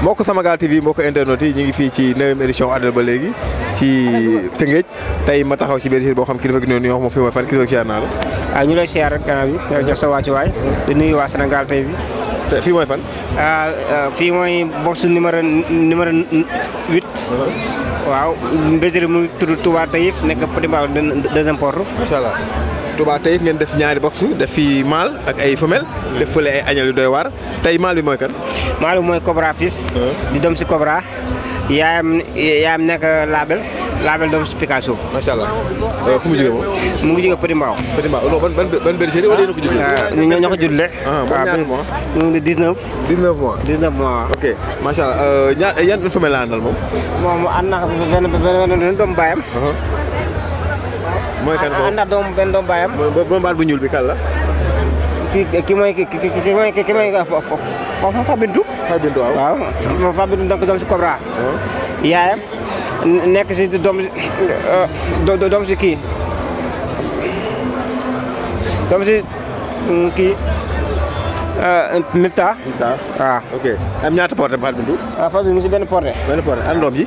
mbokk Samagal TV mbokk internet yi ñu ngi fii ci neuvième édition àddina ba léegi ci Tëngéej tey ma taxaw ci benn boo xam kilifa gi noonu yoo xam fi ma fan kilifa gi ah, lay siyaar rek kanam bi jox sa wàccuwaay di nuyu waa Sénégal tey bi. fii mooy fan. Ah, ah, fii mooy box numéro numéro huit. Uh-huh. waaw Mbésiré mu tudd Touba Taïf nekk Petit Mbao deuxième porte. macha allah. Touba tay ngeen def ñaari box def fi mâle ak ay femelle def fele ay añal yu doy war tay mâle bi moy kan mâle bi mooy Cobra Fils di dom si Cobra yaam yaam nek label label dom ci Picasso macha allah euh, fu mu jógee moom mu ngi jige Petit mbaw Petit mbaw non ban ban ber seri wala yéen a ko juddle ah, ñoo ñoko jullé juddle ah moom ah, ñaari mois ñu ngi 19 19 mois 19 mois ok macha allah euh, ñaar yeen femelle la àndal mom moom ànd ben ben ben dom bayam uh-huh. mooy kan boobu ànd doom benn doom baayam. mooy bombaat bu ñuul bi la. ki ki mooy ki ki ki mooy ki mooy ah, Fabintu. Fabintu waaw waaw. moom doom si Cobra. Oh. yaayam nekk si uh, doom si kii. doom si mm, kii. Uh, Mifta. Mifta waaw. Ah. ok am ñaata porté Fabintu. waaw benn porté. benn porté ji.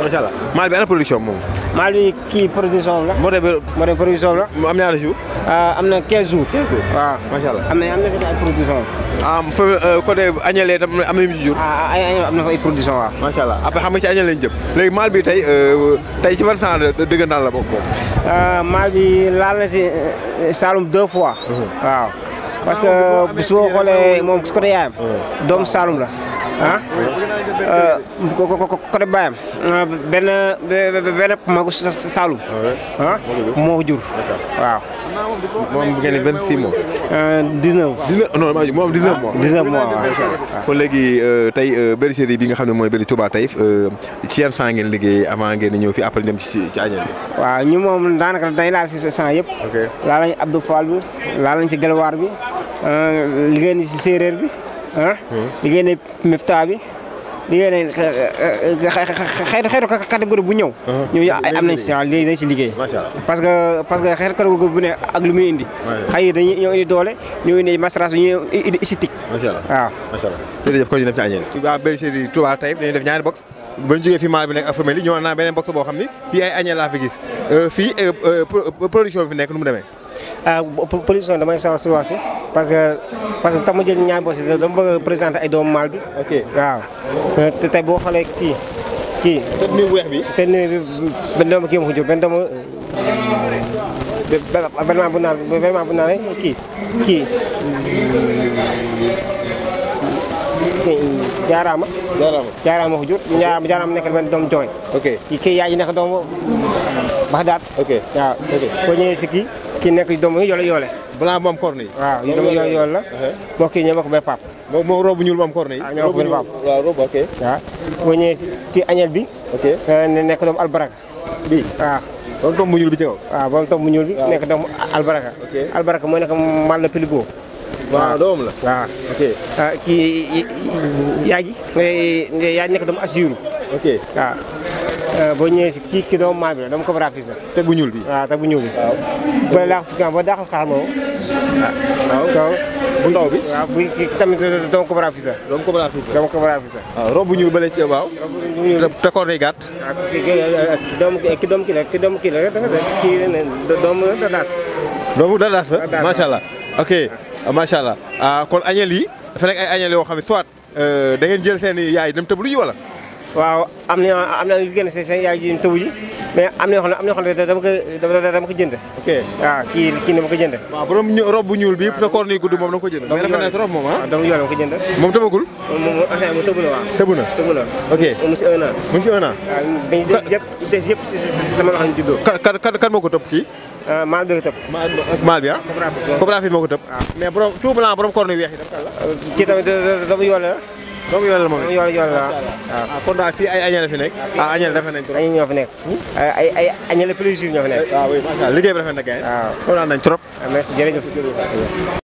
macha allah maal bi ana production moom. maal bi kii production la. moo demee moo demee production la. am na ñaari ah, am na 15 jours. 15 jours waaw macha allah. am na am na fi ay production. ah am na yu si jur. am na fa ay production waaw. xam nga ci Agnelé lañ jëm maal bi tey euh, tey ci ban sens dëggantaan la bokk moom. Ah, maal bi laal na si euh, Saloum deux fois. Mhm. waaw parce que su ma xoolee moom côté yaayam. Mhm. doomu Saloum la ah. Mhm. côté baayam benn benn magu Saalum. moo ko jur. waaw. moom bu ngeen di vingt six mois. dix neuf. dix neuf non maa ngi moom dix neuf mois. dix neuf mois waaw. kon léegi tey bergerie bi nga xam ne mooy bergerie Touba Taïf ci yan sang ngeen liggéey avant ngeen di ñëw fi après dem ci ci añal bi. waaw ñu moom daanaka dañ laal si sa sang yëpp. ok laal nañu Abdou Fall bi laal nañu si Gelwaar bi liggéey nañu si séeréer bi ah. liggéey nañu Mifta bi. li ngeen xeetu xeetu catégorie bu ñëw. Uh-huh. ñooñu am nañ si waaw ah, dañ si liggéey. parce que parce que xeetu catégorie bu ne ak lu muy indi. xëy na indi doole ñëw indi masras ñu indi esthétique. macha waaw macha allah. jërëjëf def ci àññeent. waa ñaari box. ba ñu jógee fi maal bi nekk ak femelle yi ñoo naan beneen box boo xam ni fii ay añee laa fi gis euh, fii euh, euh, production bi fi nekk nu mu demee. ah production damay sawar si wax si parce que parce que tax ma jël ñaar boosi bëgg a présenter ay doomu maal bi. waaw euh, te tey boo xoolee kii. kii te nuyu weex bi te nuyu benn doomu kii ma ko benn doomu. jaaraama jaaraama jaaraama jaaraama nekk benn doom jooy. ok yaay nekk doomu Baxdaat. ok waaw ok boo si kii. ki nekk doomu yole yoole blanc bu am corne yi waaw ah, yu doomu yoole yoole la moo kii ñëw ma ko bay pap moo moo robu ñuul bu am corne yi ñoo ah, ko bay pap waaw robu ok waaw boo ñëwee ci añel bi ok eh, ne nekk doomu albaraka bi waaw ah. bam tom bu bi ci kaw waaw bam tom bu bi nekk doomu albaraka albaraka mooy nekk mal la waaw doom la waaw ok kii yaaji ngay ngay yaaji nekk doomu asiyuru ok waaw Euh, boo ñëwee si kii kii doomu maam bi la dama ko te bu ñuul bi waaw te bu ñuul bi. waaw bële laax su ba daaxul xaar moom. waaw bu ndaw bi. bu kii tamit dama ko rafetlu. dama ko rafetlu dama ah, bu ñuul bële waaw. robe bu ñuul te koor day gàtt. waaw ah, kii kii doomu kii doomu kii doomu dadaas. doomu dadaas la allah. ok ah, macha allah kon añel yi dafa ay añel yoo xam ne soit euh, dageen jël seen yaay dem lu ji wala. waaw am na am na yu gën a seen yaay ji taw ji mais am na yoo xam ne am na yoo xam ne dama ko dama ko jënd. ok waaw kii kii ni ma ko jënd. waaw borom ñu rob ñuul bi te gudd moom na ko jënd. mais moom ah. ah dama yore ko jënd. moom tëbagul. moom moom tëbu na waaw. tëbu na tëbu na. ok mu ci un an. mu ci un an. waaw des yëpp des yëpp si sama loxo ñu juddoo. kan kan kan, kan moo ko tëb kii. Ah, maal bi ko tëb. maal bi ah. coopérative moo ko tëb. Ah. mais borom tout blanc borom koor weex yi la. kii tamit dama la. donc yoon la moom it yoon yoon la waaw. kon ah, ay añale fi nekk. ah, ah añale rafet nañ trop añale ñoo fi nekk. Hmm? Ah, ay ay añale plus ñoo fi nekk. waaw oui macha allah liggéey bi rafet na kay. waaw kontaan nañ trop. merci